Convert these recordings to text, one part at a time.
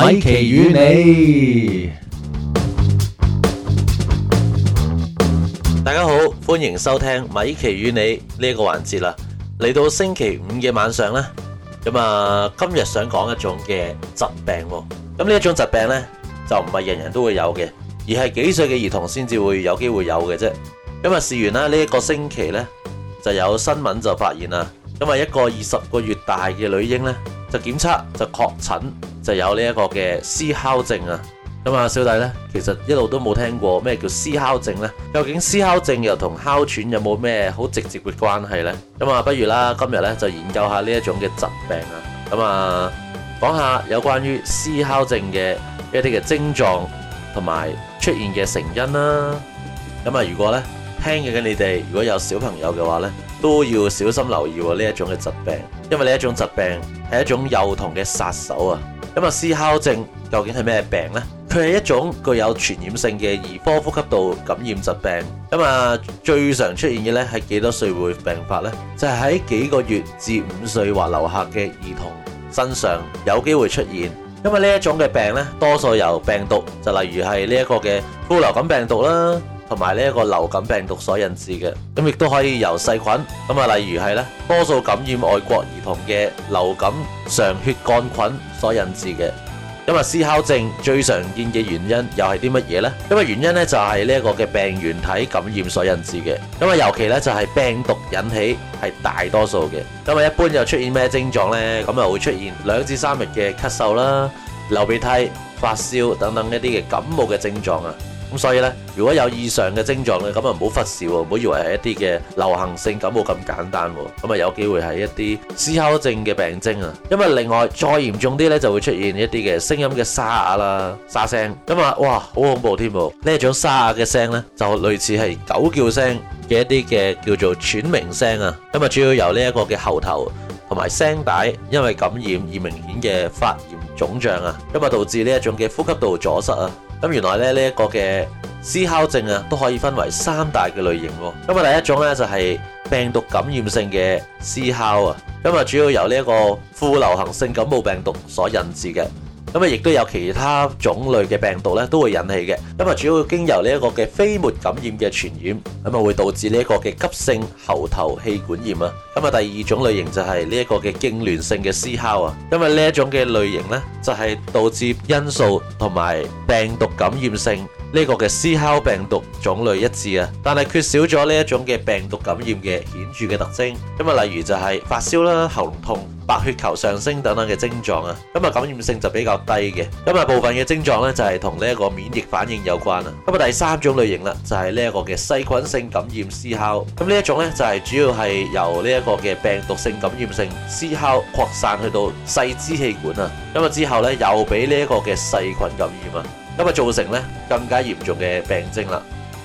米奇與你，大家好，歡迎收聽米奇與你呢一個環節啦。嚟到星期五嘅晚上咧，咁啊，今日想講一種嘅疾病。咁呢一種疾病呢，就唔係人人都會有嘅，而係幾歲嘅兒童先至會有機會有嘅啫。咁啊，事緣啦，呢一個星期呢，就有新聞就發現啦，咁啊，一個二十個月大嘅女嬰呢，就檢測就確診。就有呢一個嘅哮吼症啊，咁啊，小弟呢，其實一路都冇聽過咩叫哮吼症呢？究竟哮吼症又同哮喘有冇咩好直接嘅關係呢？咁啊，不如啦，今日呢，就研究下呢一種嘅疾病啊。咁啊，講下有關於哮吼症嘅一啲嘅症狀同埋出現嘅成因啦、啊。咁啊，如果咧聽緊嘅你哋如果有小朋友嘅話呢，都要小心留意呢一種嘅疾病，因為呢一種疾病係一種幼童嘅殺手啊。咁啊，哮吼症究竟係咩病呢？佢係一種具有傳染性嘅兒科呼吸道感染疾病。咁啊，最常出現嘅咧係幾多歲會病發呢？就係、是、喺幾個月至五歲或留下嘅兒童身上有機會出現，咁啊呢一種嘅病呢，多數由病毒，就例如係呢一個嘅副流感病毒啦。同埋呢一個流感病毒所引致嘅，咁亦都可以由細菌，咁啊，例如係咧，多數感染外國兒童嘅流感嗜血桿菌所引致嘅。咁啊，哮吼症最常見嘅原因又係啲乜嘢呢？因為原因呢就係呢一個嘅病原體感染所引致嘅。咁啊，尤其呢就係病毒引起，係大多數嘅。咁啊，一般又出現咩症狀呢？咁啊，會出現兩至三日嘅咳嗽啦、流鼻涕、發燒等等一啲嘅感冒嘅症狀啊。咁所以呢，如果有以上嘅症狀咧，咁啊唔好忽視喎，唔好以為係一啲嘅流行性感冒咁簡單喎，咁啊有機會係一啲哮吼症嘅病徵啊。因為另外再嚴重啲呢，就會出現一啲嘅聲音嘅沙啞啦、沙聲。咁啊，哇，好恐怖添喎。呢一種沙啞嘅聲呢，就類似係狗叫聲嘅一啲嘅叫做喘鳴聲啊。咁啊，主要由呢一個嘅喉頭同埋聲帶因為感染而明顯嘅發炎腫脹啊，咁啊導致呢一種嘅呼吸道阻塞啊。原來呢一個嘅哮吼症啊，都可以分為三大嘅類型喎。咁啊第一種呢，就係病毒感染性嘅哮吼啊，咁啊主要由呢一個副流行性感冒病毒所引致嘅。咁啊，亦都有其他種類嘅病毒咧，都會引起嘅。咁啊，主要經由呢一個嘅飛沫感染嘅傳染，咁啊會導致呢一個嘅急性喉頭氣管炎啊。咁啊，第二種類型就係呢一個嘅痙攣性嘅哮吼啊。因為呢一種嘅類型咧，就係導致因素同埋病毒感染性。呢、這個嘅哮吼病毒種類一致啊，但係缺少咗呢一種嘅病毒感染嘅顯著嘅特徵，咁啊，例如就係發燒啦、喉嚨痛、白血球上升等等嘅症狀啊，咁啊，感染性就比較低嘅，咁啊，部分嘅症狀呢，就係同呢一個免疫反應有關啦。咁啊，第三種類型啦，就係呢一個嘅細菌性感染哮吼，咁呢一種呢就係主要係由呢一個嘅病毒性感染性哮吼擴散去到細支氣管啊，咁啊之後呢，又俾呢一個嘅細菌感染啊。咁啊，造成咧更加嚴重嘅病徵啦。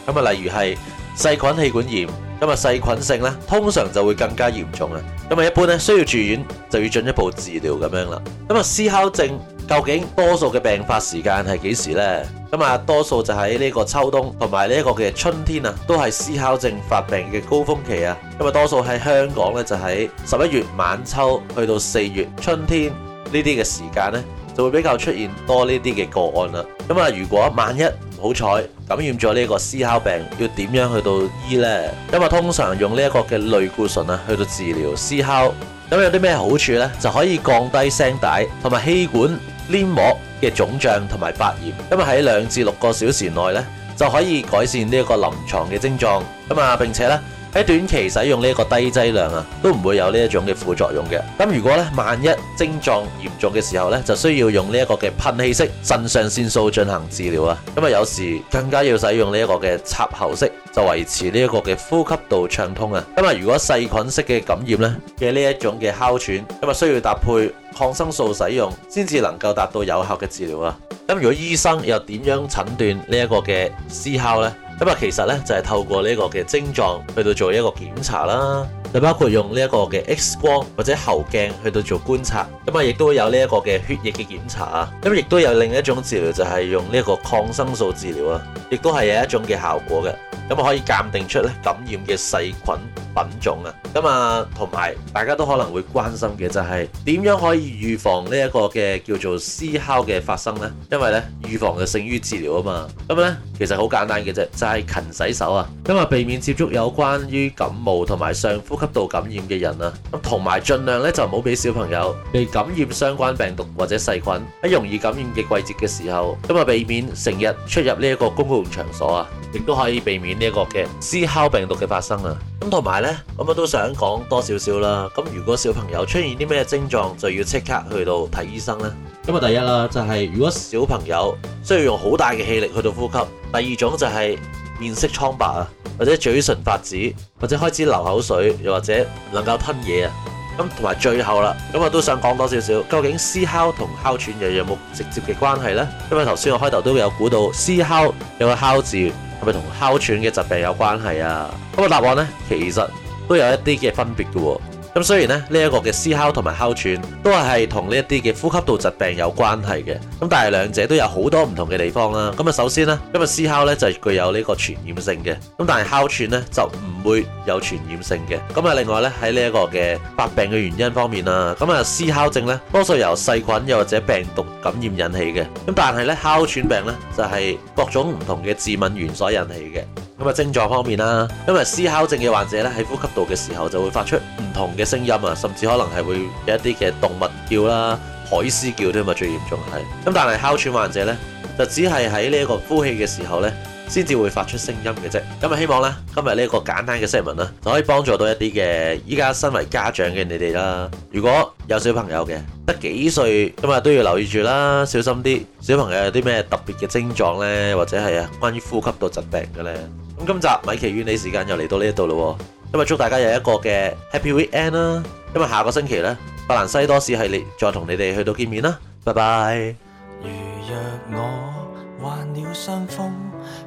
咁啊，例如係細菌氣管炎，咁啊細菌性咧，通常就會更加嚴重啦。咁啊，一般咧需要住院就要進一步治療咁樣啦。咁啊，哮吼症究竟多數嘅病發時間係幾時咧？咁啊，多數就喺呢個秋冬同埋呢一個嘅春天啊，都係哮吼症發病嘅高峰期啊。咁啊，多數喺香港咧，就喺十一月晚秋去到四月春天呢啲嘅時間咧，就會比較出現多呢啲嘅個案啦。咁啊，如果萬一唔好彩感染咗呢個哮吼病，要點樣去到醫呢？咁啊，通常用呢一個嘅類固醇啊去到治療哮吼。咁有啲咩好處呢？就可以降低聲帶同埋氣管黏膜嘅腫脹同埋發炎。咁啊，喺兩至六個小時內呢，就可以改善呢一個臨床嘅症狀。咁啊，並且呢。喺短期使用呢一個低劑量啊，都唔會有呢一種嘅副作用嘅。咁如果咧，萬一症狀嚴重嘅時候咧，就需要用呢一個嘅噴氣式腎上腺素進行治療啊。咁啊有時更加要使用呢一個嘅插喉式，就維持呢一個嘅呼吸道暢通啊。因為如果細菌式嘅感染咧嘅呢一種嘅哮喘，咁啊需要搭配抗生素使用，先至能夠達到有效嘅治療啊。咁如果醫生又點樣診斷呢一個嘅哮吼呢？咁啊，其實咧就係透過呢個嘅症狀去到做一個檢查啦，就包括用呢一個嘅 X 光或者喉鏡去到做觀察，咁啊亦都有呢一個嘅血液嘅檢查啊，咁亦都有另一種治療就係用呢一個抗生素治療啊，亦都係有一種嘅效果嘅。咁可以鑑定出咧感染嘅細菌品種啊！咁啊，同埋大家都可能會關心嘅就係點樣可以預防呢一個嘅叫做哮吼嘅發生咧？因為咧預防就勝於治療啊嘛！咁咧其實好簡單嘅啫，就係勤洗手啊！咁啊，避免接觸有關於感冒同埋上呼吸道感染嘅人啊！咁同埋盡量咧就唔好俾小朋友被感染相關病毒或者細菌喺容易感染嘅季節嘅時候，咁啊避免成日出入呢一個公共場所啊，亦都可以避免。呢、這、一個嘅哮吼病毒嘅發生啊，咁同埋呢，咁我都想講多少少啦。咁如果小朋友出現啲咩症狀，就要即刻去到睇醫生呢。咁啊，第一啦，就係、是、如果小朋友需要用好大嘅氣力去到呼吸，第二種就係面色蒼白啊，或者嘴唇發紫，或者開始流口水，又或者唔能夠吞嘢啊。咁同埋最後啦，咁我都想講多少少，究竟哮吼同哮喘有有冇直接嘅關係呢？因為頭先我開頭都有估到哮吼有個哮字。係咪同哮喘嘅疾病有關係啊？咁、那、嘅、個、答案咧，其實都有一啲嘅分別嘅。咁雖然咧呢一個嘅哮吼同埋哮喘都係同呢一啲嘅呼吸道疾病有關係嘅，咁但係兩者都有好多唔同嘅地方啦。咁啊，首先啦，因為哮吼呢就係具有呢個傳染性嘅，咁但係哮喘呢就唔會有傳染性嘅。咁啊，另外呢，喺呢一個嘅發病嘅原因方面啦，咁啊哮吼症呢，多數由細菌又或者病毒感染引起嘅，咁但係呢，哮喘病呢就係各種唔同嘅致敏原所引起嘅。咁啊，症狀方面啦，因為哮吼症嘅患者咧，喺呼吸道嘅時候就會發出唔同嘅聲音啊，甚至可能係會有一啲嘅動物叫啦、海獅叫咧，咁最嚴重係。咁但係哮喘患者咧，就只係喺呢一個呼氣嘅時候咧，先至會發出聲音嘅啫。今日希望咧，今日呢個簡單嘅 statement 啦，可以幫助到一啲嘅，依家身為家長嘅你哋啦。如果有小朋友嘅，得幾歲，今日都要留意住啦，小心啲。小朋友有啲咩特別嘅症狀咧，或者係啊，關於呼吸道疾病嘅咧。咁今集米奇與你時間又嚟到呢一度咯。咁啊，祝大家有一個嘅 Happy Weekend 啦。咁啊，下個星期咧，法蘭西多士系列再同你哋去到見面啦。拜拜。